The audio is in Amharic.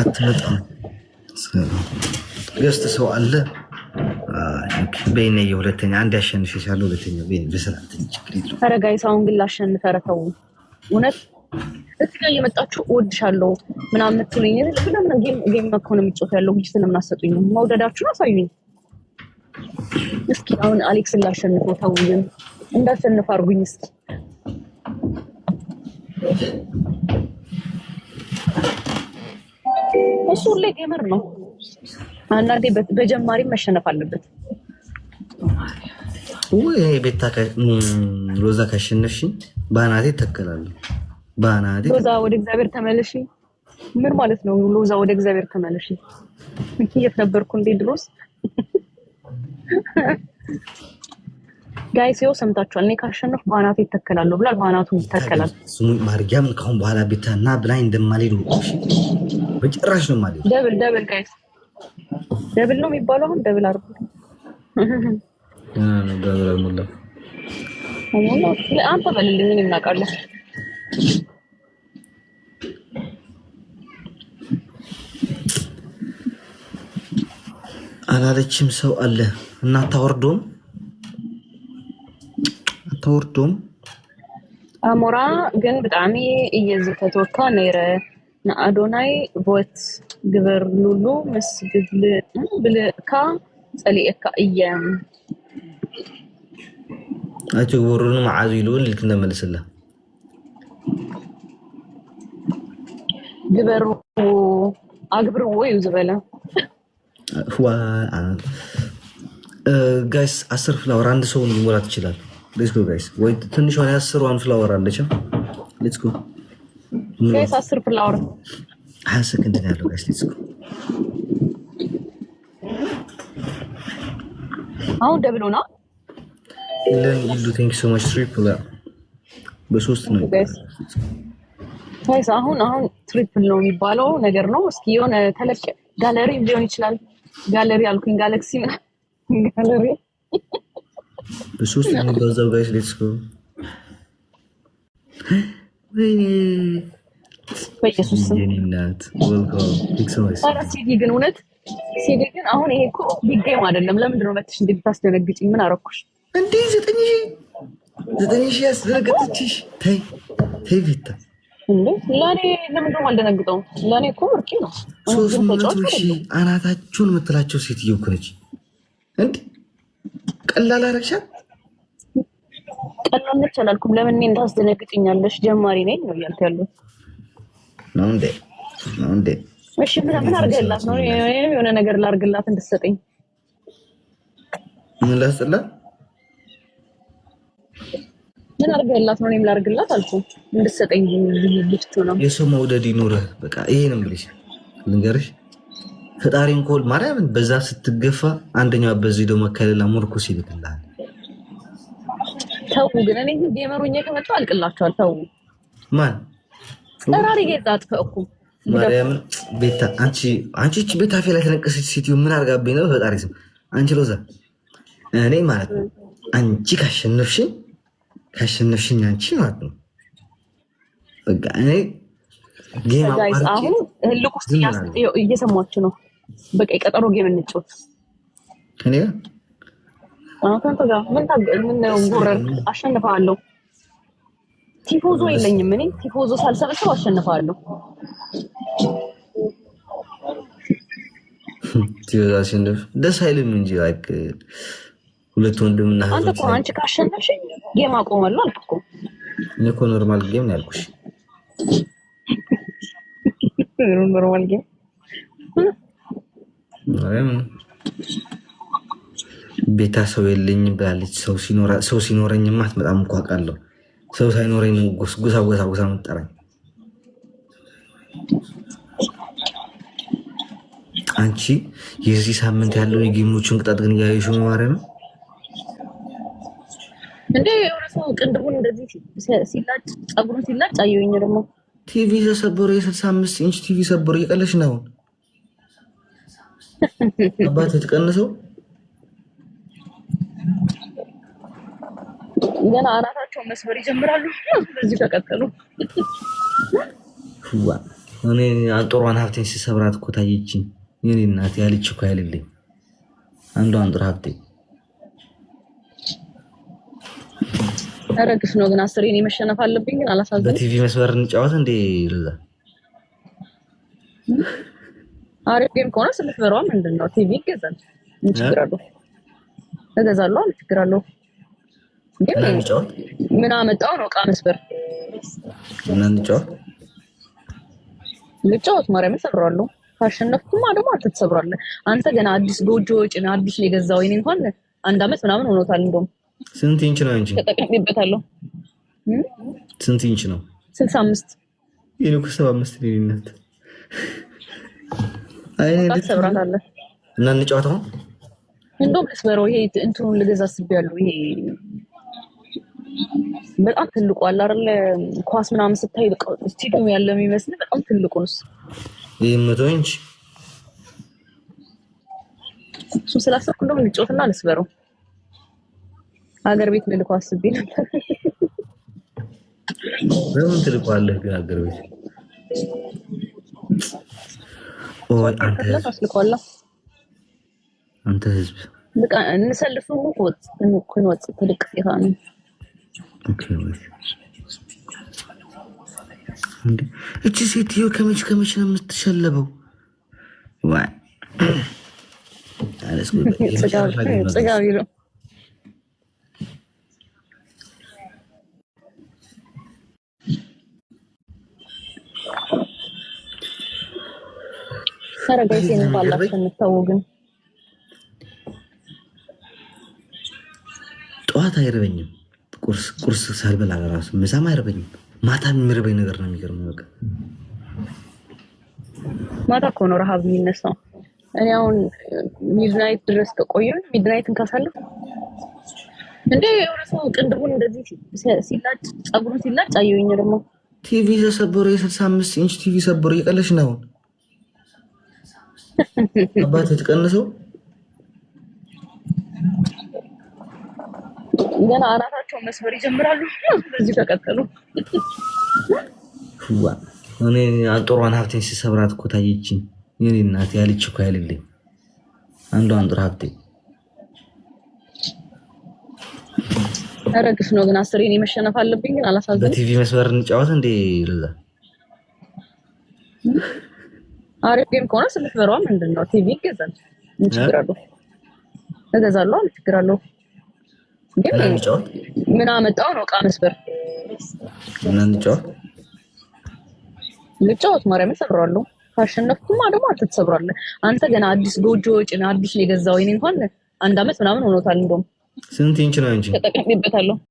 አትመጣም። ገስት ሰው አለ በይነየ ሁለተኛ አንድ ያሸንፍ ይሻለ ሁለተኛ በስርዓት ተረጋይ። አሁን ግን ላሸንፍ። ኧረ እውነት እዚህ እየመጣችሁ እወድሻለሁ ምናምን የምትሉኝ ጌም ከሆነ የምትጮት ያለው ግጅት ስለምናሰጡኝ የምናሰጡኝ። መውደዳችሁን አሳዩኝ እስኪ። አሁን አሌክስን ላሸንፈው። ተው እንዳሸንፍ አርጉኝ እስኪ እሱ ሁሌ ጌመር ነው። አንዳንዴ በጀማሪ መሸነፍ አለበት። ቤታ ሮዛ ካሸነፍሽኝ በአናቴ ይተከላሉ። በአናቴ ሮዛ ወደ እግዚአብሔር ተመለሽ። ምን ማለት ነው? ሮዛ ወደ እግዚአብሔር ተመለሽ። የት ነበርኩ እንዴ ድሮስ ጋይ ሲዮ ሰምታችኋል። እኔ ካሸነፍ በአናቱ ይተከላሉ ብላል። በአናቱ ይተከላል። ማርያም ከአሁን በኋላ ቤታ እና ብላኝ እንደማልሄዱ በጭራሽ ነው ማለት ደብል ደብል ጋይ ደብል ነው የሚባለው። አሁን ደብል አርጉ ደብል አልሞላም። አንተ በልልኝ ምን እናውቃለን። አላለችም ሰው አለ እና ታወርዶም ትምህርቱም ኣሞራ ግን ብጣዕሚ እየ ዝፈትወካ ነይረ ንኣዶናይ ቦት ግበርልሉ ምስ ብልእካ ፀሊአካ እየ ኣይትግበሩን መዓዝ ኢሉ እውን ልክ ነመልስላ ግበርዎ ኣግብርዎ እዩ ዝበለ ጋይስ ኣስር ፍላወር ሰውን ሊሞላ ትችላል ሌትስ ጎ ጋይስ። ወይ ትንሽ ሆነ ያስር ዋን ፍላወር አለች። ሌትስ ጎ ጋይስ፣ አስር ፍላወር ሀያ ሰከንድ ነው ያለው ጋይስ። ሌትስ ጎ አሁን ደብሎ ነው ለን ኢሉ ቴንክ ሶ ማች ትሪፕል በሶስት ነው ጋይስ። አሁን አሁን ትሪፕል ነው የሚባለው ነገር ነው። እስኪ የሆነ ተለቅ ጋለሪ ሊሆን ይችላል። ጋለሪ አልኩኝ፣ ጋላክሲ ጋለሪ እሱ ነው ገንዘብ ጋይስ ሌትስ ጎ። ሲዲ ግን አሁን ይሄ እኮ ቢግ ጌም አይደለም። ለምንድን ነው እንዴ ብታስደነግጭኝ? ምን አረኩሽ እንዴ? ዘጠኝ ሺህ ዘጠኝ ያስደነግጥችሽ። ተይ ተይ ቤታ እንዴ ለእኔ ለምንድን ነው አልደነግጠውም? ለእኔ እኮ ነው። ሶስት መቶ ሺህ አናታችሁን የምትላቸው ሴትዮ እኮ ነች እንዴ ቀላል አረግሻል። ቀላል ነች አላልኩም። ለምን እኔ ታስደነግጭኛለሽ? ጀማሪ ነኝ ነው እያልኩ ያሉት ነው እንዴ? ነው እንዴ? እሺ ምን ምን አድርገላት ነው? የሆነ ነገር ላድርግላት እንድትሰጠኝ። ምን ላስጥላት? ምን አድርገላት ነው? እኔም ላድርግላት አልኩህ እንድትሰጠኝ። ልጅቱ ነው የሰው መውደድ ይኑርህ። በቃ ይሄ ነው እንግዲህ ልንገርሽ ፈጣሪን ኮል ማርያምን በዛ ስትገፋ አንደኛው በዚህ ደግሞ ከሌላ ሙርኩስ ይልክልሃል። ተው ግን እኔ ጌመሩኛ ከመጡ አልቅላቸዋል። ተው ማን ጠራሪ ጌዛት ከእኩ ማርያምን ቤታ አንቺ አንቺ እቺ ቤታ ፌላ ተነቀሰች ሴትዮ ምን አርጋብኝ ነው? ፈጣሪ ስም አንቺ ሎዛ እኔ ማለት ነው አንቺ ካሸነፍሽኝ ካሸነፍሽኝ አንቺ ማለት ነው በቃ እኔ ጌም አሁን ልቁስ እየሰማችሁ ነው። በቃ የቀጠሮ ጌም እንጫወት። እኔ ከአንተ ጋር ምን ታገል ምን ጎረር አሸንፈሃለሁ። ቲፎዞ የለኝም እኔ ቲፎዞ ሳልሰበስብ አሸንፈሃለሁ። ቲፎዞ አሸንፍ ደስ አይልም እንጂ ላይክ ሁለት ወንድምና አንተ እኮ አንቺ ካሸነፍሽ ጌም አቆማለሁ አልኩ እኮ። እኔ እኮ ኖርማል ጌም ነው ያልኩሽ። ኖርማል ጌም ቤታ ሰው የለኝም ብላለች። ሰው ሲኖረኝ ማት በጣም እኮ አውቃለሁ። ሰው ሳይኖረኝ ነው ጉሳ ጎሳ ጎሳ መጠረኝ። አንቺ የዚህ ሳምንት ያለው የጌሞችን ቅጣት ግን እያየሽ ማማሪያ ነው እንዴ? የሆነ ሰው ቅንድቡን እንደዚህ ሲላጭ ጸጉሩ ሲላጭ አየሁኝ። ደግሞ ቲቪ ተሰብሮ የስልሳ አምስት ኢንች ቲቪ ሰብሮ እየቀለሽ ነውን አባት የተቀንሰው ገና አናታቸውን መስበር ይጀምራሉ። በዚህ ከቀጠሉ እኔ አንጦሯን ሀብቴን ሲሰብራት እኮ ታየችኝ። የኔ እናት ያልች እኮ ያልልኝ አንዱ አንጦር ሀብቴ ረግፍ ነው። ግን እኔ መሸነፍ አለብኝ። ግን አላሳዝንም። በቲቪ መስመር እንጫወት እንዴ ልዛ አሪፍ ጌም ከሆነ ስልክ በሯ ምንድን ነው? ቲቪ ይገዛል። ምን ችግር አለው? እገዛለሁ። ምን ችግር አለው? ግን ምን አመጣው ነው እቃ መስበር ምን ልጫወት ማርያም ሰብራለሁ። ካሸነፍኩማ ደግሞ አንተ ትሰብራለህ። አንተ ገና አዲስ ጎጆ ወጪ ነው አዲስ ነው የገዛው። ወይኔ እንኳን አንድ አመት ምናምን ሆኖታል። እንደውም ስንት ኢንች ነው እንጂ ተጠቅሜበታለሁ። ስንት ኢንች ነው? ስልሳ አምስት የኔ እኮ ሰባ አምስት እና እንጫወተው። እንደውም ልስበረው። ይሄ እንትኑን ልገዛ አስቤያለሁ። ይሄ በጣም ትልቁ አለ አይደለ? ኳስ ምናምን ስታይ በቃ ያለ የሚመስል በጣም ትልቁ ነው። ይሄ መቶ ኢንች እሱ ስላሰብኩ እንደውም ልጫወትና ልስበረው። ሀገር ቤት ልልኩ አስቤ ነበር። ለምን ትልቁ ግን ሀገር ቤት ንሕለፍ ኣፍልቆ ኣሎ እንተ ህዝቢ ንሰልፍ ክንወፅእ ትልቅፍ ይኸኣኑ እቺ ሴትዮ ከመች ከመች ነው የምትሸለበው? ዋይ ጽጋብ ይለው ተረጋጊ እንባላችሁ እንታወ ግን ጠዋት አይርበኝም። ቁርስ ቁርስ ሳልበላ ለራሱ ምሳም አይርበኝም። ማታ የሚርበኝ ነገር ነው የሚገርመው። በቃ ማታ እኮ ነው ረሃብ የሚነሳው። እኔ አሁን ሚድናይት ድረስ ከቆየ ሚድናይትን ካሳለፍ እንዴ የሆነ ሰው ቅንድቡን እንደዚህ ሲላጭ ጸጉሩን ሲላጭ አየሁኝ። ደግሞ ቲቪ ተሰበረ፣ የስልሳ አምስት ኢንች ቲቪ ሰበረ። እየቀለሽ ነው አሁን አባት ትቀንሰው ገና አናታቸውን መስበር ይጀምራሉ። በዚህ ከቀጠሉ እኔ አንጦሯን ሀብቴን ሲሰብራት እኮ ታየችኝ። የኔ እናት ያለች እኮ ያልልኝ አንዱ አንጦር ሀብቴ ረግፍ ነው። ግን አስሬ እኔ መሸነፍ አለብኝ። ግን አላሳዝንም። በቲቪ መስመር እንጫወት እንዴ ይላል አሪፍ ጌም ከሆነ ስልትበሯ ምንድን ነው? ቲቪ ይገዛል። ምን ችግር አለው? እገዛለሁ። ምን ችግር አለው? ግን ምን አመጣው ነው? ዕቃ መስበር ምን ጫወት ልጫወት ማርያምን ሰብረዋለሁ። ካሸነፍኩማ ደግሞ አንተ ትሰብራለህ። አንተ ገና አዲስ ጎጆ ወጪ አዲስ ነው የገዛው። ይሄን እንኳን አንድ አመት ምናምን ሆኖታል። እንደውም ስንት ኢንች ነው እንጂ ተጠቅሜበታለሁ።